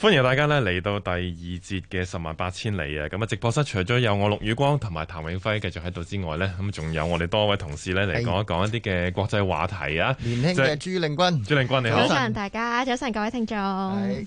歡迎大家咧嚟到第二節嘅十萬八千里啊！咁啊，直播室除咗有我陸宇光同埋譚永輝繼續喺度之外咧，咁仲有我哋多位同事咧嚟講一講一啲嘅國際話題啊！年輕嘅朱令君，朱令君早晨，你好，早晨大家，早晨各位聽眾。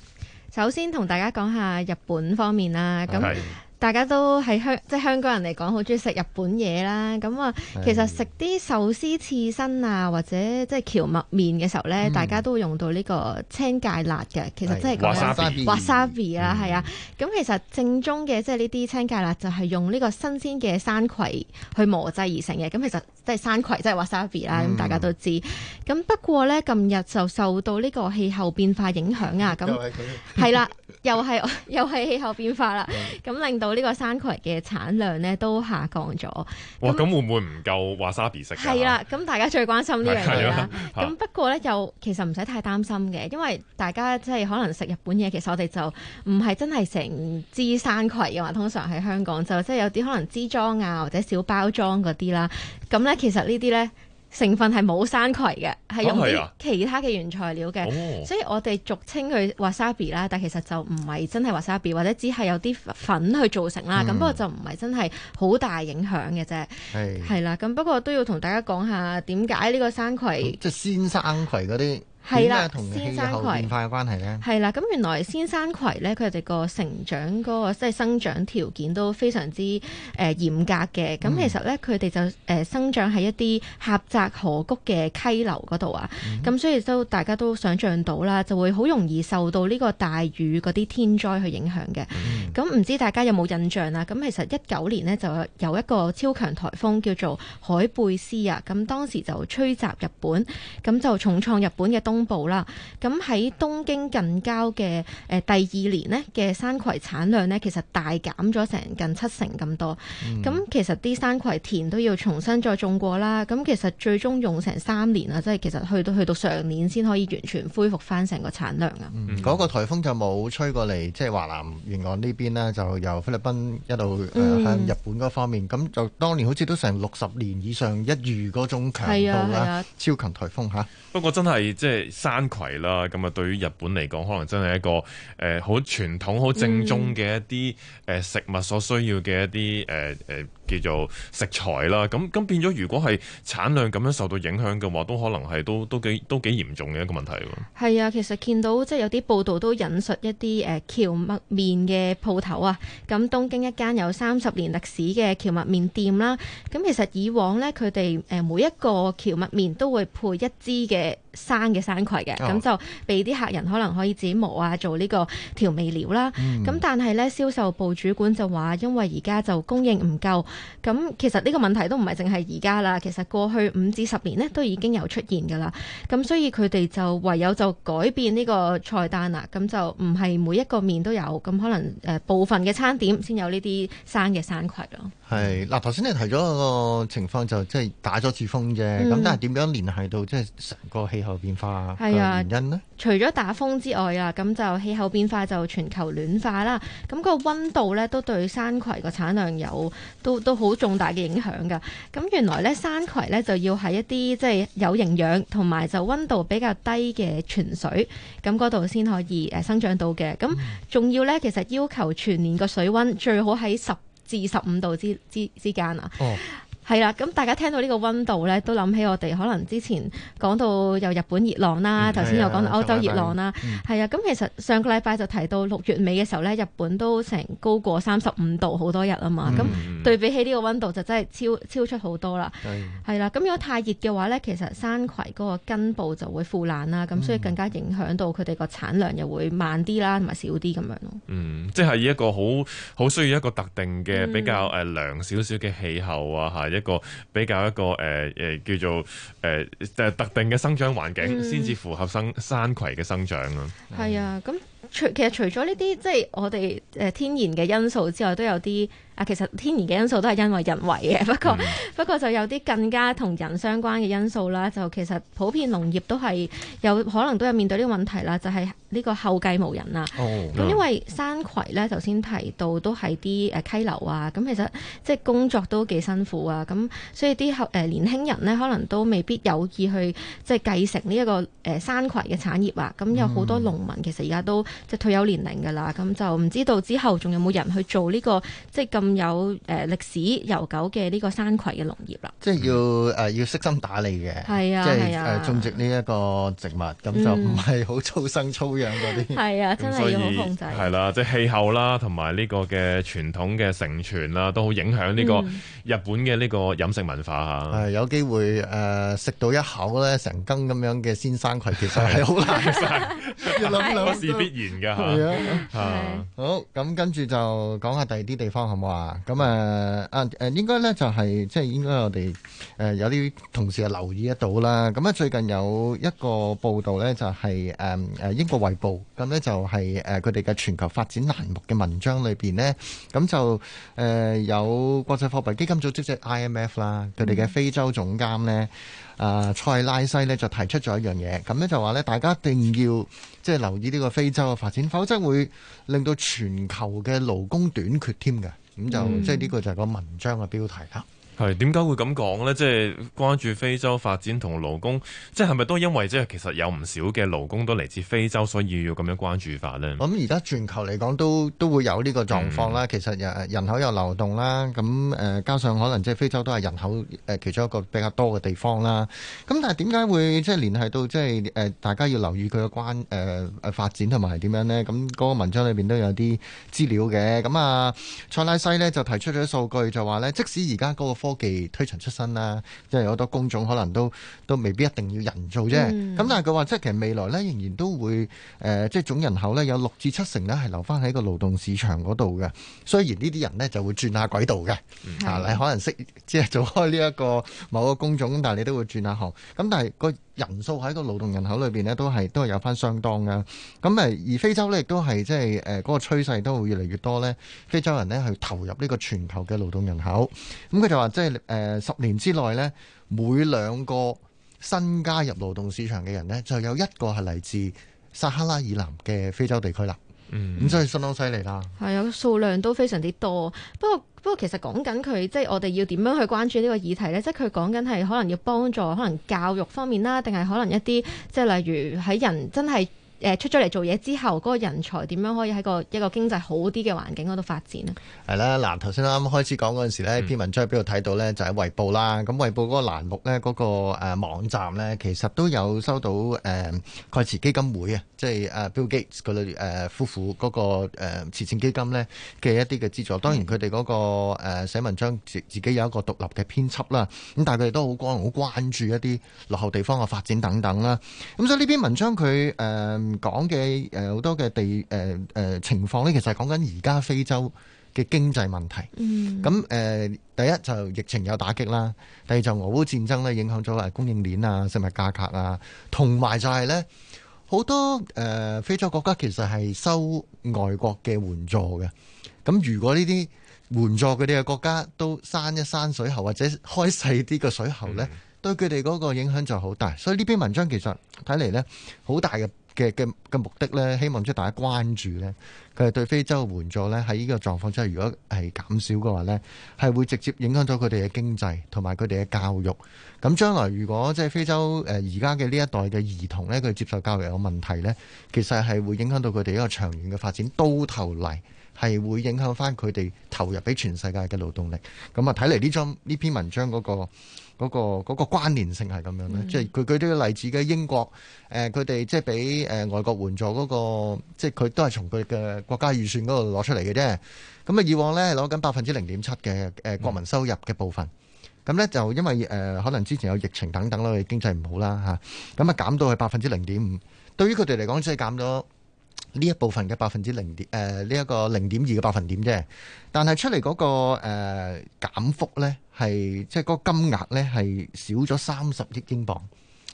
首先同大家講下日本方面啦，咁。大家都喺香即係香港人嚟講，好中意食日本嘢啦。咁啊，其實食啲壽司、刺身啊，或者即係蕎麥麵嘅時候咧、嗯，大家都會用到呢個青芥辣嘅。其實真係咁樣，wasabi 啦，係、嗯、啊。咁其實正宗嘅即係呢啲青芥辣就係用呢個新鮮嘅山葵去磨製而成嘅。咁其實即係山葵即係 wasabi 啦。咁、嗯、大家都知。咁不過咧，近日就受到呢個氣候變化影響啊。咁、就係、啦。 又係又係氣候變化啦，咁令到呢個山葵嘅產量咧都下降咗。哇！咁會唔會唔夠華沙比食？係啦，咁大家最關心呢樣嘢啦。咁不過咧，又其實唔使太擔心嘅，因為大家即係可能食日本嘢，其實我哋就唔係真係成支山葵嘅嘛。通常喺香港就即係有啲可能支裝啊，或者小包裝嗰啲啦。咁咧，其實呢啲咧。成分係冇山葵嘅，係用啲其他嘅原材料嘅，啊 oh. 所以我哋俗稱佢 wasabi 啦，但其實就唔係真係 wasabi 或者只係有啲粉去造成啦。咁、mm. 不過就唔係真係好大影響嘅啫，係、mm. 啦。咁不過都要同大家講下點解呢個山葵、嗯，即、就、係、是、鮮山葵嗰啲。是跟係啦，鮮山葵氣候變化嘅關係咧，係啦。咁原來鮮山葵咧，佢哋個成長嗰個即係生長條件都非常之誒、呃、嚴格嘅。咁、嗯、其實咧，佢哋就誒、呃、生長喺一啲狹窄河谷嘅溪流嗰度啊。咁、嗯、所以都大家都想象到啦，就會好容易受到呢個大雨嗰啲天災去影響嘅。咁、嗯、唔知道大家有冇印象啊？咁其實一九年咧就有一個超強颱風叫做海貝斯啊。咁當時就吹襲日本，咁就重創日本嘅東公布啦，咁喺東京近郊嘅、呃、第二年呢嘅山葵產量呢，其實大減咗成近七成咁多。咁、嗯、其實啲山葵田都要重新再種過啦。咁其實最終用成三年啊，即係其實去到，去到去到上年先可以完全恢復翻成個產量啊。嗰、嗯那個颱風就冇吹過嚟，即係華南沿岸呢邊咧，就由菲律賓一路、嗯呃、向日本嗰方面。咁就當年好似都成六十年以上一遇嗰種強度啦、啊啊，超強颱風吓、啊，不過真係即係。就是山葵啦，咁啊對於日本嚟講，可能真係一個誒，好、呃、傳統、好正宗嘅一啲誒、嗯，食物所需要嘅一啲誒誒。呃呃叫做食材啦，咁咁變咗，如果係產量咁樣受到影響嘅話，都可能係都都幾都幾嚴重嘅一個問題咯。係啊，其實見到即係有啲報道都引述一啲誒蕎麥麵嘅鋪頭啊，咁東京一間有三十年歷史嘅蕎麥麵店啦。咁其實以往呢，佢哋誒每一個蕎麥麵都會配一支嘅生嘅山葵嘅，咁、哦、就俾啲客人可能可以自己磨啊，做呢個調味料啦。咁、嗯、但係呢，銷售部主管就話，因為而家就供應唔夠。咁其實呢個問題都唔係淨係而家啦，其實過去五至十年咧都已經有出現噶啦，咁所以佢哋就唯有就改變呢個菜單啦，咁就唔係每一個麵都有，咁可能誒部分嘅餐點先有呢啲生嘅山葵咯。係嗱，頭、啊、先你提咗個情況，就即、是、係打咗次風啫。咁、嗯、但係點樣聯繫到即係成個氣候變化個原因呢？啊、除咗打風之外啊，咁就氣候變化就全球暖化啦。咁、那個溫度咧都對山葵個產量有都都好重大嘅影響㗎。咁原來咧山葵咧就要喺一啲即係有營養同埋就溫度比較低嘅泉水咁嗰度先可以誒生長到嘅。咁仲、嗯、要咧其實要求全年個水温最好喺十。至十五度之之之間啊、哦。係啦，咁大家聽到這個溫呢個溫度咧，都諗起我哋可能之前講到有日本熱浪啦，頭、嗯、先又講到歐洲熱浪啦，係、嗯嗯、啊，咁其實上個禮拜就提到六月尾嘅時候咧，日本都成高過三十五度好多日啊嘛，咁、嗯、對比起呢個溫度就真係超超出好多啦，係啦，咁如果太熱嘅話咧，其實山葵嗰個根部就會腐爛啦，咁所以更加影響到佢哋個產量又會慢啲啦，同埋少啲咁樣咯。嗯，即係一個好好需要一個特定嘅比較誒、uh, 涼少少嘅氣候啊，嚇一個比較一個誒誒、呃、叫做誒誒、呃、特定嘅生長環境，先至符合生、嗯、山葵嘅生長、嗯、啊。係啊，咁除其實除咗呢啲即係我哋誒天然嘅因素之外，都有啲。啊，其實天然嘅因素都係因為人為嘅，不過、嗯、不過就有啲更加同人相關嘅因素啦。就其實普遍農業都係有可能都有面對呢個問題啦，就係、是、呢個後繼無人啦。咁、哦、因為山葵咧，頭、嗯、先提到都係啲誒溪流啊，咁其實即係、就是、工作都幾辛苦啊，咁所以啲後誒年輕人咧可能都未必有意去即係、就是、繼承呢一個誒山葵嘅產業啊。咁有好多農民其實而家都即係、就是、退休年齡㗎啦，咁就唔知道之後仲有冇人去做呢、這個即係、就是咁有誒、呃、歷史悠久嘅呢個山葵嘅農業啦，即係要誒、呃、要悉心打理嘅、啊，即係誒、啊呃、種植呢一個植物，咁、啊、就唔係好粗生粗養嗰啲。係啊，所以真係要很控制。係啦，即係、啊就是、氣候啦，同埋呢個嘅傳統嘅承傳啦、啊，都好影響呢個日本嘅呢個飲食文化嚇。誒、嗯啊、有機會誒食、呃、到一口咧，成根咁樣嘅鮮山葵，其實係好難嘅，係 一， 要諗諗、是必然嘅嚇、啊啊啊。好咁跟住就講下第二啲地方，好冇？咁啊，啊誒、啊啊，應該咧就係即係應該我哋，我哋誒有啲同事係留意得到啦。咁、啊、咧最近有一個報道咧，就係誒誒英國《衛報》咁呢、就係，就係誒佢哋嘅全球發展欄目嘅文章裏邊呢，咁就誒、啊、有國際貨幣基金組織即 I M F 啦，佢哋嘅非洲總監呢，啊塞拉西呢，就提出咗一樣嘢，咁呢，就話呢，大家一定要即係留意呢個非洲嘅發展，否則會令到全球嘅勞工短缺添嘅。咁就、嗯、即係呢個就係個文章嘅標題啦。係點解會咁講呢？即、就、係、是、關注非洲發展同勞工，即係咪都因為即係其實有唔少嘅勞工都嚟自非洲，所以要咁樣關注法呢？咁而家全球嚟講都都會有呢個狀況啦、嗯。其實人口有流動啦，咁誒加上可能即係非洲都係人口其中一個比較多嘅地方啦。咁但係點解會即係聯繫到即係大家要留意佢嘅關誒發發展同埋點樣呢？咁、那、嗰個文章裏面都有啲資料嘅。咁啊，塞拉西呢就提出咗數據，就話呢即使而家嗰個科科技推陳出新啦，即係好多工種可能都都未必一定要人做啫。咁、嗯、但係佢話，即係其實未來咧，仍然都會誒、呃，即係總人口咧有六至七成咧係留翻喺個勞動市場嗰度嘅。雖然呢啲人咧就會轉下軌道嘅，啊，你可能識即係做開呢一個某個工種，但係你都會轉下行。咁但係、個。人數喺個勞動人口裏邊呢，都係都係有翻相當嘅。咁誒，而非洲呢，亦都係即係誒嗰個趨勢都會越嚟越多呢。非洲人呢，去投入呢個全球嘅勞動人口。咁佢就話，即係誒十年之內呢，每兩個新加入勞動市場嘅人呢，就有一個係嚟自撒哈拉以南嘅非洲地區啦。嗯，咁真係相當犀利啦。係啊，數量都非常之多。不過不過，其實講緊佢，即係我哋要點樣去關注呢個議題呢？即係佢講緊係可能要幫助，可能教育方面啦，定係可能一啲，即係例如喺人真係誒出咗嚟做嘢之後，嗰個人才點樣可以喺個一個經濟好啲嘅環境嗰度發展咧？係啦，嗱，頭先啱啱開始講嗰陣時呢，篇文章喺邊度睇到呢？就喺《衛報》啦。咁《衛報》嗰個欄目呢，嗰個誒網站呢，其實都有收到誒蓋茨基金會啊。即係誒 Bill Gates 佢哋誒夫婦嗰個誒慈善基金咧嘅一啲嘅資助，當然佢哋嗰個誒寫文章自自己有一個獨立嘅編輯啦。咁但係佢哋都好關好關注一啲落後地方嘅發展等等啦。咁所以呢篇文章佢誒、嗯、講嘅誒好多嘅地誒誒、呃、情況咧，其實係講緊而家非洲嘅經濟問題。嗯。咁、呃、誒第一就疫情有打擊啦，第二就俄烏戰爭咧影響咗誒供應鏈啊、食物價格啊，同埋就係咧。好多誒非洲國家其實係收外國嘅援助嘅，咁如果呢啲援助嗰啲嘅國家都閂一閂水喉或者開細啲嘅水喉咧，對佢哋嗰個影響就好大。所以呢篇文章其實睇嚟咧，好大嘅。嘅嘅嘅目的呢，希望即係大家關注呢，佢哋對非洲援助呢。喺呢個狀況之下，如果係減少嘅話呢，係會直接影響到佢哋嘅經濟同埋佢哋嘅教育。咁將來如果即係非洲誒而家嘅呢一代嘅兒童呢，佢接受教育有問題呢，其實係會影響到佢哋一個長遠嘅發展。到頭嚟係會影響翻佢哋投入俾全世界嘅勞動力。咁啊，睇嚟呢張呢篇文章嗰、那個。嗰、那個嗰、那個關聯性係咁樣咧、嗯，即係佢舉啲例子嘅英國，誒佢哋即係俾誒外國援助嗰、那個，即係佢都係從佢嘅國家預算嗰度攞出嚟嘅啫。咁啊，以往咧攞緊百分之零點七嘅誒國民收入嘅部分，咁、嗯、咧就因為誒、呃、可能之前有疫情等等啦，經濟唔好啦嚇，咁啊減到係百分之零點五。對於佢哋嚟講，即、就、係、是、減咗。呢一部分嘅百分之零點誒，呢一個零點二嘅百分點啫，但係出嚟嗰、那個誒減、呃、幅咧，係即係嗰個金額咧係少咗三十億英鎊。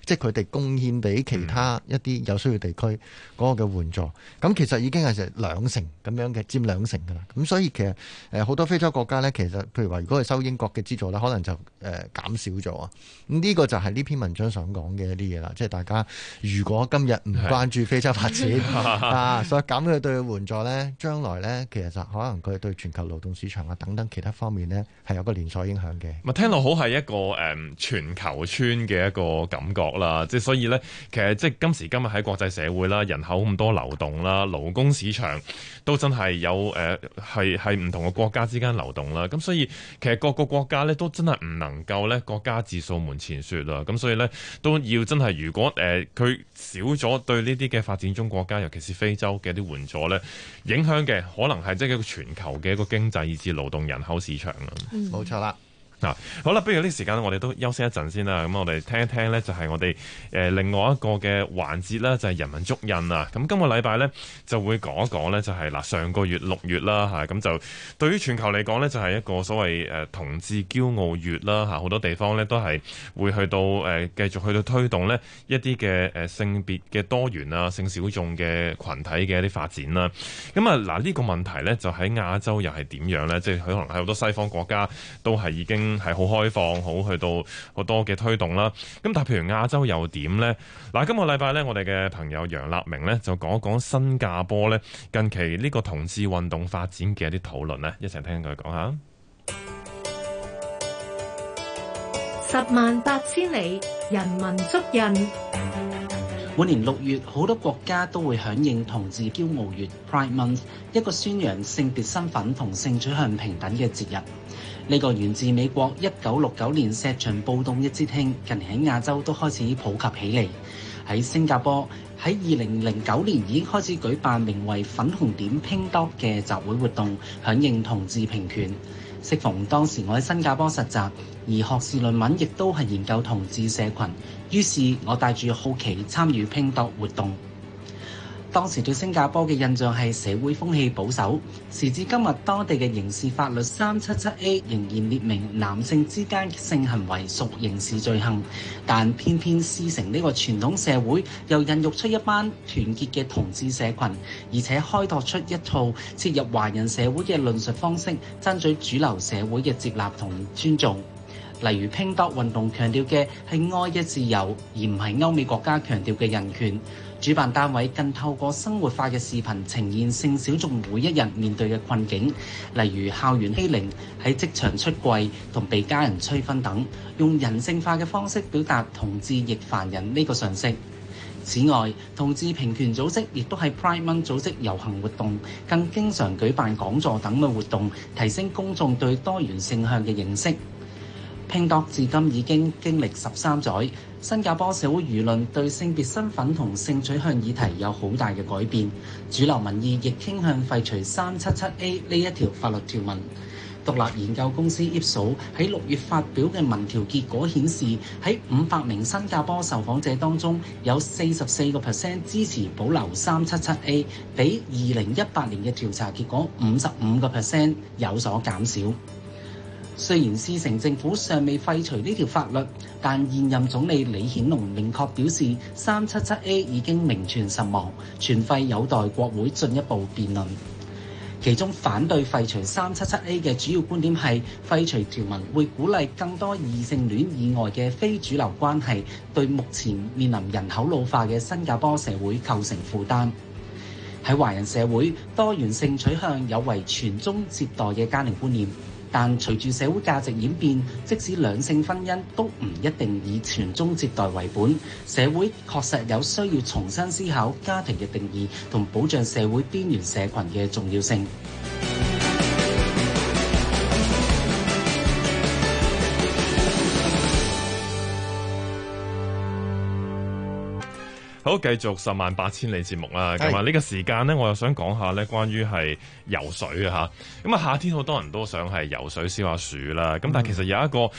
即係佢哋貢獻俾其他一啲有需要地區嗰個嘅援助，咁、嗯、其實已經係成兩成咁樣嘅，佔兩成㗎啦。咁所以其實好多非洲國家呢，其實譬如話，如果係收英國嘅資助呢，可能就誒減少咗啊。咁呢個就係呢篇文章想講嘅一啲嘢啦。即係大家如果今日唔關注非洲發展啊， 所以減佢對援助呢，將來呢，其實可能佢對全球勞動市場啊等等其他方面呢，係有個連鎖影響嘅。咪聽落好係一個誒全球村嘅一個感覺。啦，即所以呢，其實即今時今日喺國際社會啦，人口咁多流動啦，勞工市場都真係有誒，係係唔同嘅國家之間流動啦。咁所以其實各個國家呢，都真係唔能夠呢國家自掃門前雪啦。咁所以呢，都要真係，如果誒佢少咗對呢啲嘅發展中國家，尤其是非洲嘅啲援助呢，影響嘅可能係即係一個全球嘅一個經濟，以至勞動人口市場啦。冇錯啦。嗱、啊，好啦，不如呢時間我哋都休息一陣先啦。咁我哋聽一聽呢，就係我哋另外一個嘅環節啦，就係、是、人民足印啊。咁今個禮拜呢，就會講一講呢、就是，就係嗱上個月六月啦，咁、啊啊、就對於全球嚟講呢，就係、是、一個所謂、啊、同志驕傲月啦，好、啊、多地方呢，都係會去到誒、啊、繼續去到推動呢一啲嘅、啊、性別嘅多元啊、性小眾嘅群體嘅一啲發展啦。咁啊嗱呢、啊啊這個問題呢，就喺亞洲又係點樣呢？即、就、係、是、可能喺好多西方國家都係已經。嗯，係好開放，好去到好多嘅推動啦。咁但譬如亞洲又點呢？嗱，今個禮拜呢，我哋嘅朋友楊立明呢，就講一講新加坡咧，近期呢個同志運動發展嘅一啲討論，呢一齊聽佢講下。十萬八千里，人文足印。每年六月，好多國家都會響應同志驕傲月 （Pride Month），一個宣揚性別身份同性取向平等嘅節日。呢、這個源自美國一九六九年石牆暴動一支興，近年喺亞洲都開始普及起嚟。喺新加坡，喺二零零九年已經開始舉辦名為粉紅點 Pink Dot 嘅集會活動，響應同志平權。適逢當時我喺新加坡實習，而學士論文亦都係研究同志社群，於是我帶住好奇參與拼讀活動。當時對新加坡嘅印象係社會風氣保守，時至今日，當地嘅刑事法律三七七 A 仍然列明男性之間嘅性行為屬刑事罪行。但偏偏思成呢個傳統社會又孕育出一班團結嘅同志社群，而且開拓出一套切入華人社會嘅論述方式，爭取主流社會嘅接納同尊重。例如，拼多運動強調嘅係愛嘅自由，而唔係歐美國家強調嘅人權。主辦單位更透過生活化嘅視頻呈現性小眾每一日面對嘅困境，例如校園欺凌、喺職場出櫃同被家人催婚等，用人性化嘅方式表達同志亦凡人呢個訊息。此外，同志平權組織亦都喺 Prime One 組織遊行活動，更經常舉辦講座等嘅活動，提升公眾對多元性向嘅認識。拼多至今已經經歷十三載，新加坡社會輿論對性別身份同性取向議題有好大嘅改變，主流民意亦傾向廢除三七七 A 呢一條法律條文。獨立研究公司 Ipso 喺六月發表嘅民調結果顯示，喺五百名新加坡受訪者當中，有四十四個 percent 支持保留三七七 A，比二零一八年嘅調查結果五十五個 percent 有所減少。雖然市城政府尚未廢除呢條法律，但現任總理李顯龍明確表示，三七七 A 已經名存實亡，存廢有待國會進一步辯論。其中反對廢除三七七 A 嘅主要觀點係，廢除條文會鼓勵更多異性戀以外嘅非主流關係，對目前面臨人口老化嘅新加坡社會構成負擔。喺華人社會，多元性取向有違傳宗接代嘅家庭觀念。但隨住社會價值演變，即使兩性婚姻都唔一定以傳宗接代為本，社會確實有需要重新思考家庭嘅定義同保障社會邊緣社群嘅重要性。好，繼續十萬八千里節目啦。咁啊，呢個時間呢，我又想講下呢關於係游水吓，咁啊，夏天好多人都想係游水消下暑啦。咁、嗯、但係其實有一個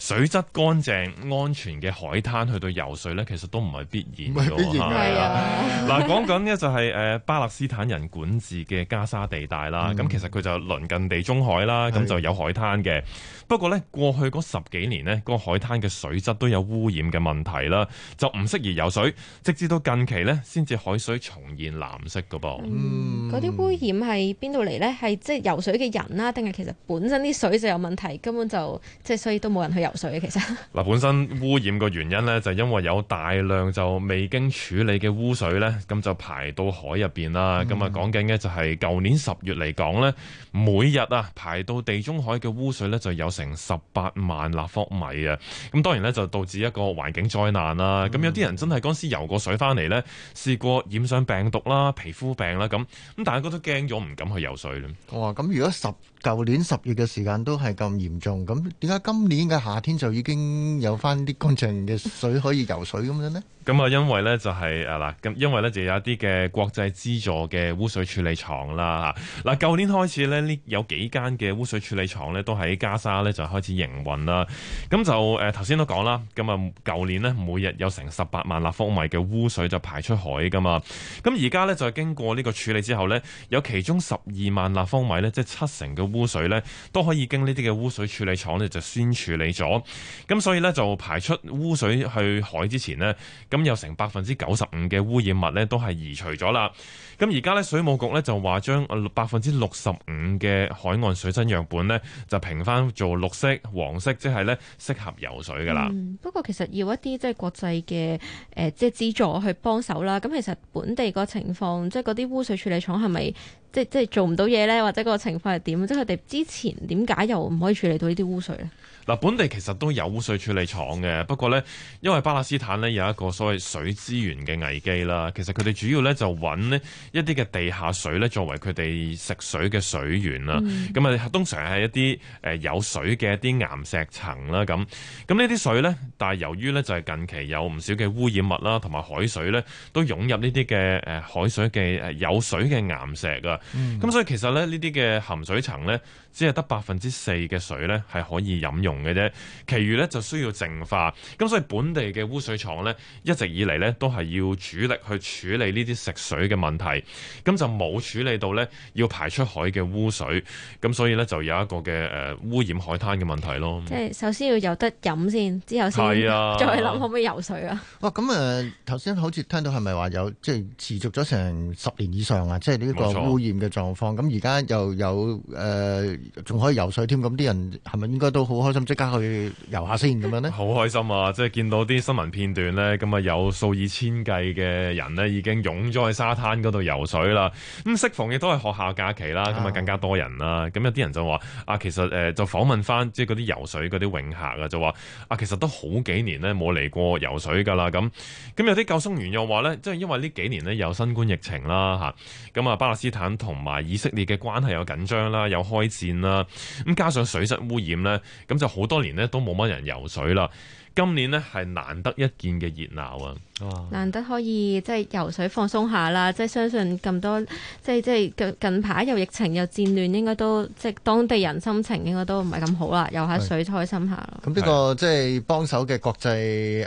水質乾淨安全嘅海灘去到游水呢，其實都唔係必然嘅。唔係必然係啦。嗱、啊，講緊呢就係誒巴勒斯坦人管治嘅加沙地帶啦。咁、嗯、其實佢就鄰近地中海啦，咁、嗯、就有海灘嘅。不過呢，過去嗰十幾年呢，嗰、嗰個海灘嘅水質都有污染嘅問題啦，就唔適宜游水。直至到近期呢，先至海水重現藍色嘅噃。嗰、嗯、啲污染係邊度嚟呢？係即係游水嘅人啦、啊，定係其實本身啲水就有問題，根本就即係所以都冇人去游水水其實嗱，本身污染嘅原因呢，就是、因為有大量就未經處理嘅污水呢，咁就排到海入邊啦。咁、嗯、啊，講緊呢就係舊年十月嚟講呢，每日啊排到地中海嘅污水呢，就有成十八萬立方米啊。咁當然呢，就導致一個環境災難啦。咁、嗯、有啲人真係嗰時游過水翻嚟呢，試過染上病毒啦、皮膚病啦咁。咁大家都得驚咗，唔敢去游水啦。哇、哦！咁如果十？舊年十月嘅時間都係咁嚴重，咁點解今年嘅夏天就已經有翻啲乾淨嘅水可以游水咁樣呢？ 咁啊，因為咧就係啊嗱，咁因為咧就有一啲嘅國際資助嘅污水處理廠啦吓。嗱，舊年開始咧呢有幾間嘅污水處理廠咧都喺加沙咧就開始營運啦。咁就誒頭先都講啦，咁啊舊年咧每日有成十八萬立方米嘅污水就排出海噶嘛。咁而家咧就係經過呢個處理之後咧，有其中十二萬立方米咧，即係七成嘅污水咧都可以經呢啲嘅污水處理廠咧就先處理咗。咁所以咧就排出污水去海之前咧咁。咁有成百分之九十五嘅污染物咧，都係移除咗啦。咁而家咧，水務局咧就話將百分之六十五嘅海岸水質樣本咧，就評翻做綠色、黃色，即係咧適合游水噶啦。不過其實要一啲即係國際嘅誒即係資助去幫手啦。咁其實本地個情況，即係嗰啲污水處理廠係咪？即係即做唔到嘢呢，或者個情況係點？即係佢哋之前點解又唔可以處理到呢啲污水呢？嗱，本地其實都有污水處理廠嘅，不過呢，因為巴勒斯坦呢有一個所謂水資源嘅危機啦。其實佢哋主要呢就揾呢一啲嘅地下水呢作為佢哋食水嘅水源啦。咁、嗯、啊，通常係一啲有水嘅一啲岩石層啦。咁咁呢啲水呢，但係由於呢就係近期有唔少嘅污染物啦，同埋海水呢都湧入呢啲嘅海水嘅有水嘅岩石啊。咁、嗯、所以其實咧，呢啲嘅含水層咧，只係得百分之四嘅水咧係可以飲用嘅啫，其餘咧就需要淨化。咁所以本地嘅污水廠咧一直以嚟咧都係要主力去處理呢啲食水嘅問題，咁就冇處理到咧要排出海嘅污水，咁所以咧就有一個嘅誒、呃、污染海灘嘅問題咯。即係首先要有得飲先，之後先、啊、再諗可唔可以游水啊？哇！咁誒頭先好似聽到係咪話有即係、就是、持續咗成十年以上啊？即係呢個污染嘅狀況。咁而家又有誒。呃仲可以游水添，咁啲人係咪應該都好開心，即刻去遊下先咁樣呢？好開心啊！即係見到啲新聞片段咧，咁啊有數以千計嘅人咧已經湧咗去沙灘嗰度游水啦。咁適逢亦都係學校假期啦，咁啊更加多人啦。咁、啊、有啲人就話啊，其實誒就訪問翻即係嗰啲游水嗰啲泳客啊，就話啊其實都好幾年咧冇嚟過游水噶啦。咁咁有啲救生員又話咧，即係因為呢幾年咧有新冠疫情啦嚇，咁啊巴勒斯坦同埋以色列嘅關係又緊張啦，又開始啦，咁加上水質污染呢，咁就好多年呢都冇乜人游水啦。今年呢係難得一見嘅熱鬧啊！難得可以即係游水放鬆下啦！即係相信咁多即係即係近排又疫情又戰亂，應該都即係當地人心情應該都唔係咁好啦。游下水開心下。咁呢個即係幫手嘅國際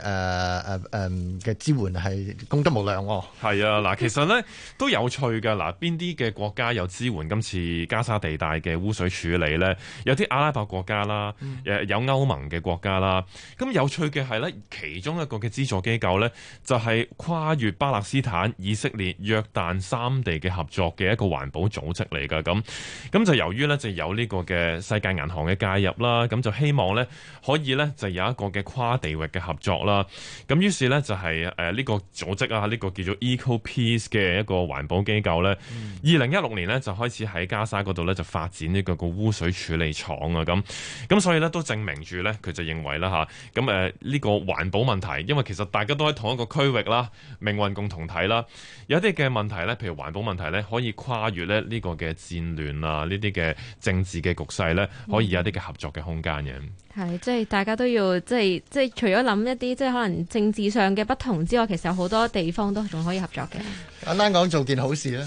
誒誒誒嘅支援係功德無量喎。係啊，嗱，其實咧都有趣㗎。嗱，邊啲嘅國家有支援今次加沙地帶嘅污水處理咧？有啲阿拉伯國家啦，誒有歐盟嘅國家啦。咁有趣嘅係咧，其中一個嘅資助機構咧。就係、是、跨越巴勒斯坦、以色列、約旦三地嘅合作嘅一個環保組織嚟㗎，咁咁就由於呢就有呢個嘅世界銀行嘅介入啦，咁就希望呢可以呢就有一個嘅跨地域嘅合作啦。咁於是呢就係誒呢個組織啊，呢、這個叫做 EcoPeace 嘅一個環保機構呢二零一六年呢就開始喺加沙嗰度呢就發展呢個個污水處理廠啊，咁咁所以呢都證明住呢，佢就認為啦吓咁誒呢個環保問題，因為其實大家都喺同一個區域啦，命運共同體啦，有啲嘅問題咧，譬如環保問題咧，可以跨越咧呢個嘅戰亂啊，呢啲嘅政治嘅局勢咧，可以有啲嘅合作嘅空間嘅。係、嗯，即係大家都要，即係即係除咗諗一啲即係可能政治上嘅不同之外，其實有好多地方都仲可以合作嘅。簡單講，做件好事啦。